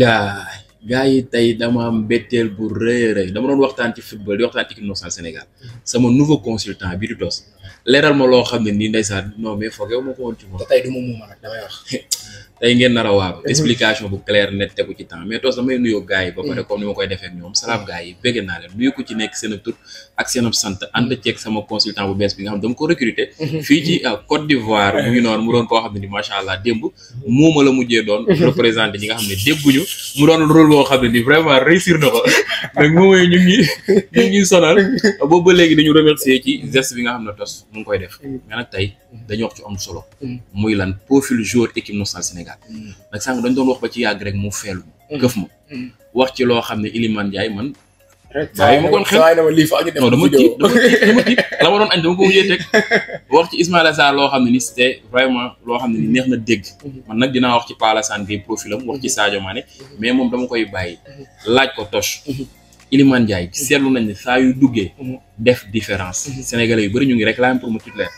yaa gars yi tey dama am mbetteel bu rëy rëy dama doon waxtaan ci football di waxtaan ci équipe nationale Sénégal sama nouveau consultant bi di tos leeral ma loo xam ne nii ndeysaan non mais foog yow ma ko woon ci moom. te tey du ma muuma nag damay wax. tey ngeen nar a waaru mhm. explication bu claire net tegu ci temps mais toos damay nuyoo gars yi ba pare mhm. comme ni ma koy defee ñoom salaam gars yi bégg naa leen nuyu ko ci nekk seen tur ak seen sant ànd ceeg sama consultant bu bees bi nga xam dama ko recruter mhm. fii ci euh, Côte d'Ivoire mu ngi noonu mu doon koo xam ne ni macha allah démb muuma la mujjee doon représenté ñi nga xam ne dégguñu mu doon rôle boo xam ne ni vraiment réussir na ko donc moomoy ñu ngi ñu ci geste bi nga xam ne tos mu ngi koy def mais nag tey solo muy lan profil joueur équipe nationale Sénégal seetaan nag sànq dañ doon wax ba ci yàgg rek mu feelu mm-hmm. këf ma mm-hmm. wax ci loo xam ne Iliman Ndiaye man bàyyi ma kon xel non dama tiit dama tiit la ma doon añ dama ko wujjee teg wax ci Ismaïla Sarr loo xam ne ni c'était vraiment loo xam ne ni mm-hmm. neex na dégg man nag dinaa wax ci Palassane Gueye profil am wax ci Sadio Mané mais moom dama koy bàyyi laaj ko Toch Iliman Ndiaye mhm. seetlu nañ ne saa yu duggee mhm. def différence mhm. sénégalais yu bëri ñu ngi réclamer pour mu titulaire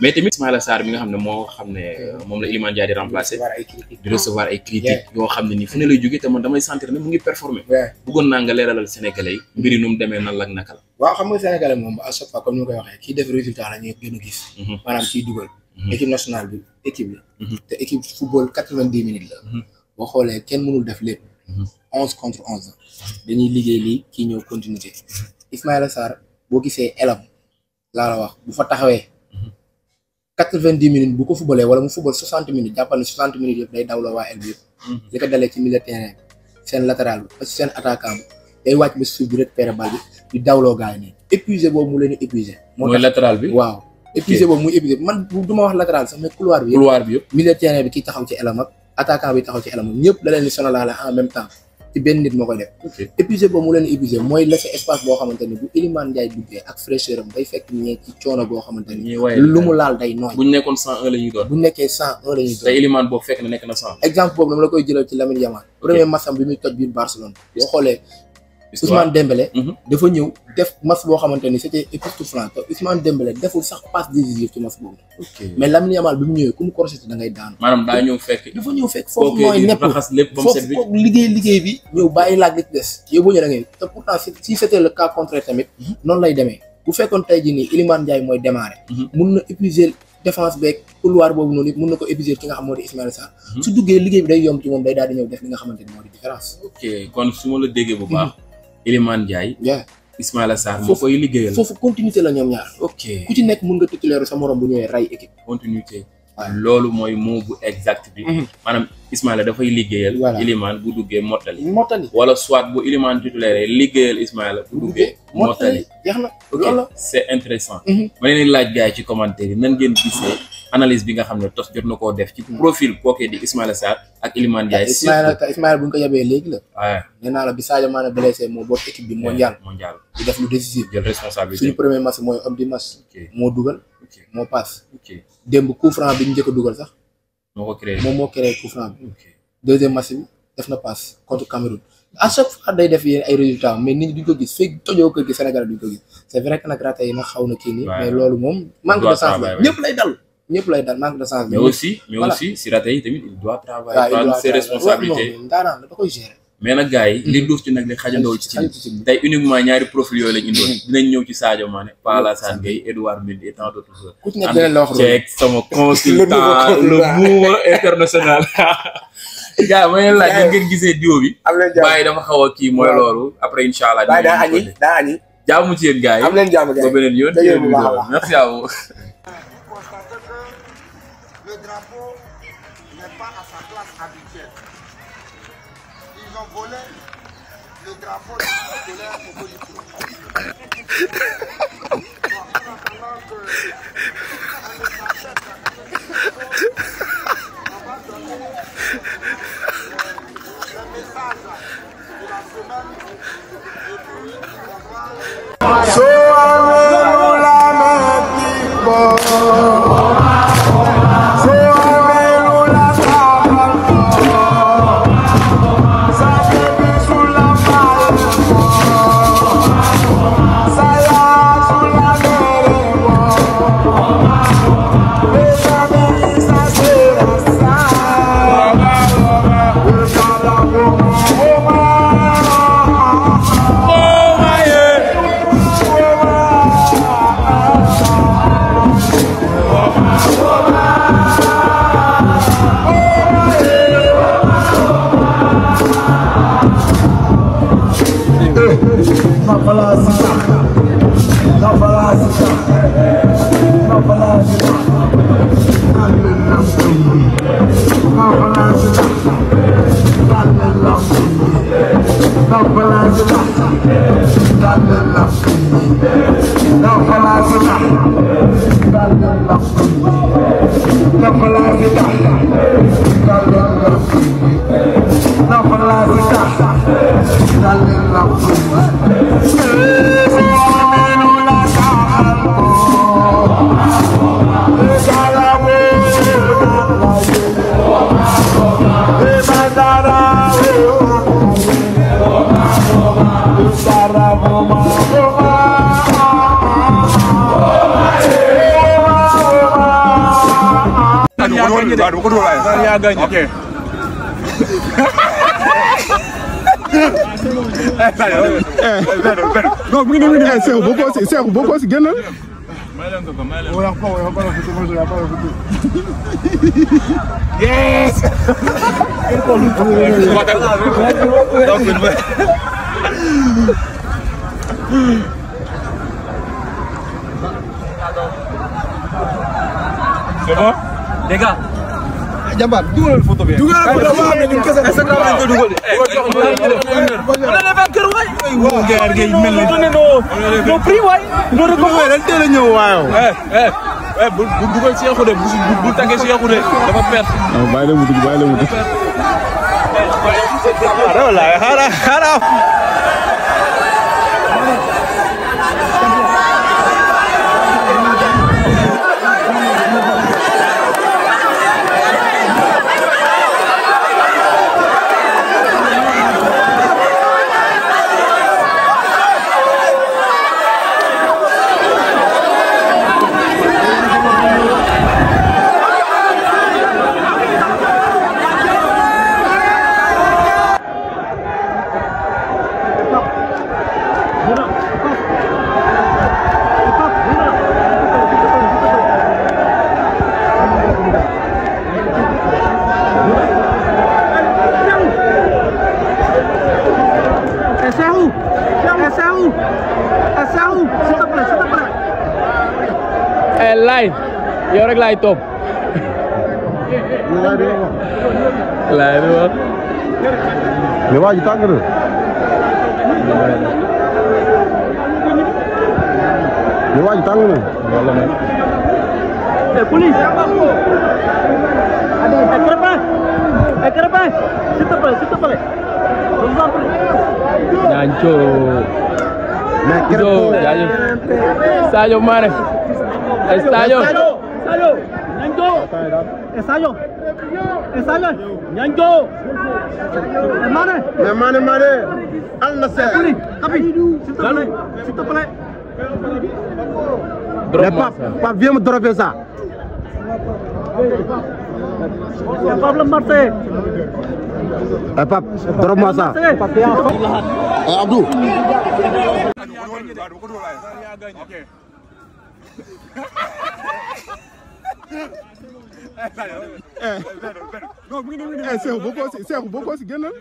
mais tamit Ismaïla Sarr mi nga xam ne moo xam ne moom la Iliman Ndiaye di remplacer di recevoir ay critiques yoo xam ne ni fu ne lay jógee te man damay sentir ne mu ngi performer bëggoon naa nga leeralal sénégalais yi mbir yi demee nan la naka la waaw xam nga sénégalais moom à chaque fois comme ni ma koy waxee kii def résultat la ñu a gis maanaam kii dugal équipe nationale bi équipe la te équipe football quatre onze contre dañuy liggéey lii kii ñëw continuité Ismaïla Sarr boo gisee elam laa la wax bu fa taxawee quatre-vingt-dix minutes bu ko fubalee wala mu fubal soixante minutes jàppal ne soixante minutes yëpp day daw la waa el bi yëpp mhm. li ko dalee ci milieu terrain seen latéral bi parce que seen attaquant bi day wàcc ba suuf bi récupéré bal bi di dawloo gars nii épuisé boobu mu leen di épuisé mooy latéral bi waaw épuisé boobu muy épuisé man du ma wax latéral sax mais couloir en même temps ci benn nit moo koy def épuisé ba mu leen épuisé mooy laisser espace boo xamante ni bu Iliman Ndiaye duggee ak fraîcheur am day fekk ñee ci coono boo xamante lu mu laal day nooy buñ nekkoon cent un la ñuy doon buñ nekkee cent un la ñuy doon te Iliman boobu fekk na nekk na cent exemple boobu dama la koy jëlal ci Lamine Yamal premier match am bi muy toj biir Barcelone boo xoolee Ousmane Dembélé mhm. dafa ñëw def match boo xamante ni c'était époustouflant te Ousmane Dembélé deful sax passe décisive ci match boobu mais Lamine Yamal bi mu ñëwee ku mu crocheté daanu maanaam daa ñëw fekk dafa ñëw fekk foofu mooy nepp foofu foofu liggéey liggéey bi ñëw bàyyi laaj li ci des yóbbu ñu da ngay tamit mhm. noonu lay demee bu fekkoon tey jii nii Iliman Ndiaye mooy démarré mhm. mun na épuiser défense beeg couloir boobu noonu it mun na ko épuiser ki nga xam moo di Ismaïla Sarr su duggee liggéey bi day yomb ci moom def li nga xamante ni kon su ma la déggee Elimane Ndiaye. waaw Ismaïla Sarr moo koy liggéeyal. foofu continuité la ñoom ñaar. ok ku ci nekk mën nga titulaire sa morom bu ñëwee ray équipe. continuité. loolu mooy mot bu exact bi. Mhm. maanaam Ismaïla dafay liggéeyal. voilà bu duggee mottali. mottali wala soit bu Elimane titulaire liggéeyal Ismaïla bu duggee. mottali jeex na loolu la ok c'est intéressant. Mhm. ma leen laaj gars ci commentaire yi nan ngeen gisee. analise bi nga xam ne tos jot na koo def. ci profil kookee di Ismaïla Sarr ak Iliman Ndiaye. Ismaïla te Ismaïla bu ñu ko yabee léegi la. waaw nee naa la bi Sadio Mané blessé moo boot équipe bi mondial. moo dugal. moo paas. démb coup franc bi ñu njëkk dugal sax. moo moom moo créé coup franc bi. deuxième match def na paas contre Cameroun. à chaque fois day def yéen ay résultats mais nit ñi duñ ko gis fekk tojoo kër gi Sénégal duñ ko gis c'est vrai que nag raté yi nag xaw na kii nii. mais loolu moom manque de sens lay dal. ñëpp lay dal manque de sens. mais aussi mais aussi si raté yi tamit il doit travailler ah, prendre ses responsabilités daanaan la da koy gérer. mais nag gars yi. li mm-hmm. duuf ci nag li xajandoo ci ci tey uniquement ñaari profil yooyu lañ indoon. Mm-hmm. dinañ ñëw ci Sadio Mané Pala Sane Gueye Edouard Mendy et tant d'autres joueurs. la wax ceek sama consultant le mouvement international. gars yi ma leen laaj ngeen gisee duo bi. am leen jàmm bàyyi xaw kii mooy loolu. après incha allah. bàyyi daa añi daa añi. jaamu ci yéen gars yi am leen jàmm gars yi ba beneen yoon. habituelle. Ils ont volé le drapeau de la colère au bout du coup. Bon, en attendant que on les achète, on va donner le message de la semaine et puis on va... Não falar assim, não falar assim, não falar assim, não falar assim, não falar assim, não falar assim, não falar assim, yaa gagné. ok. non mu ngi nii mu ngi nii eh, Seex boo ko si Seex boo ko si génnal. Yes! C'est bon? Les gars, jàmbaar dugalal photo bi dugalal photo bi am na ñun kese Instagram lañ ko dugal wala eh, dafa kër waay waaw gerte gi mel ni no prix waay no rek ko waay dañ teel a ñëw waaw eh eh eh bu dugal Cheikhou de bu tàggee Cheikhou de dafa perte ah, bàyyi la mu dugg bàyyi la mu dugg laay yow rek laay topp. laay bi wax. mais waa ji tàng na. mais waa ji tàng na. Eh, eh, eh, mais police. ay Ensayo. Ensayo. Ñango. Ensayo. Ensayo. Ñango. Hermane. Hermane Mane. Al Nasser. Tapi. S'il te plaît. S'il te plaît. Mais pas, pas, viens me dropper ça. Et Pape le Marseille. Eh Pape, drop-moi ça. Eh Abdou. eh Seexu boo ko si Seexu boo ko si génnal.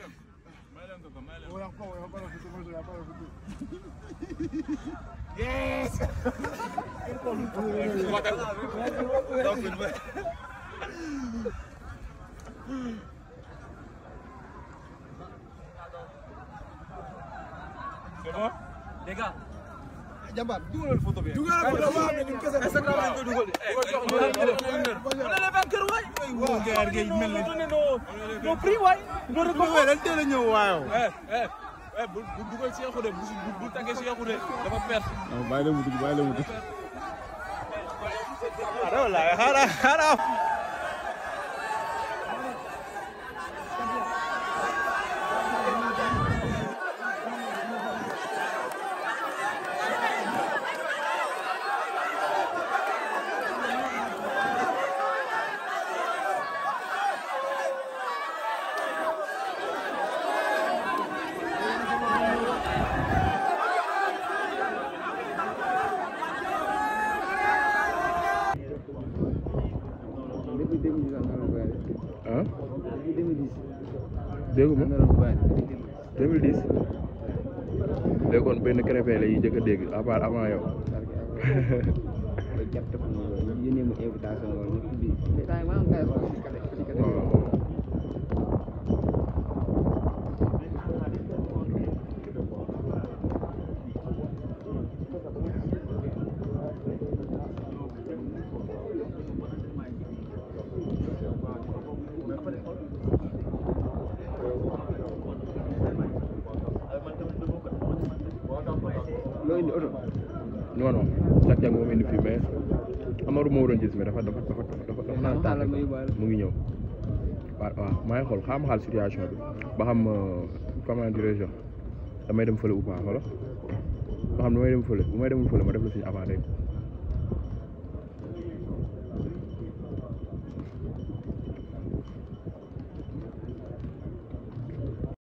Yes. C'est bon Les gars jàmbaar dugalal photo bi dugalal photo bi waaw ñun kese Instagram lañ koy dugal eh, de waay bu dugal Cheikhou de bu tàggee Cheikhou de dafa perte ah, bàyyi la mu dugg bàyyi la mu dugg ah, 2010. déggu ma 2010. léegi kon benn crépé la ñuy njëkk a dégg à part avant yow. jàpp te ko yónnee mu invitation loolu non non Sadio Dieng moom indi fii mais Amadou moo waroon gis mais dafa dafa dafa dafa dafa naan tànn mu ngi ñëw waaw waaw maa ngi xool xaam xaal situation bi ba xam euh, comment dirais-je damay dem fële ou pas wala ba xam damay dem fële bu may demul fële ma def la suñu avant rek